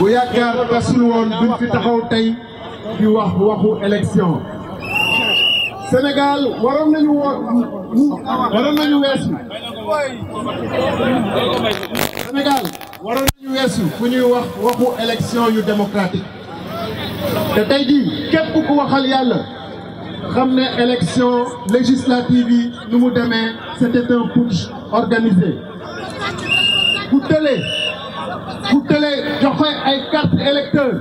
bu yaakaar tasul woon duñ fi taxaw tey di wax waxu élection Sénégal waroon nañu weesu fu ñuy wax waxu élection yu démocratique te tey jii képp ku waxal yàlla ramener l'élection élection législative nous vous c'était un putsch organisé Vous tële vous J'en j'en cartes électeurs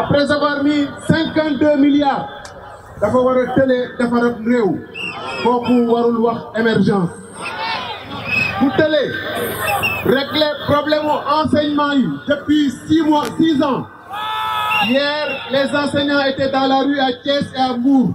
après avoir mis 52 d'avoir milliards d'avoir télé, a tële defarat pour pour warul wax émergence Vous tenez, régler problème au enseignement depuis 6 mois six ans Hier, les enseignants étaient dans la rue à Thiès et à Mour.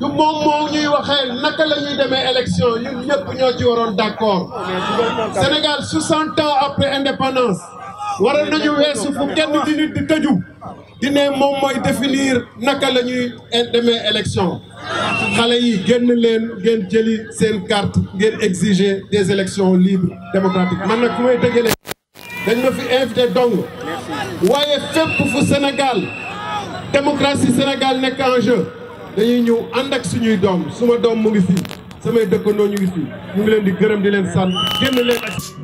du moment élection d'accord Sénégal 60 ans après indépendance nous nañu wessu fu définir naka élection exiger des élections libres démocratiques man nak ku dañ ma fi invité dong Sénégal démocratie Sénégal n'est qu'un jeu dañuy ñëw ànd ak suñuy doom suma doom mu ngi fii samay dëkkandoo ñu ngi fii mu ngi leen di gërëm di leen sant génn leen ak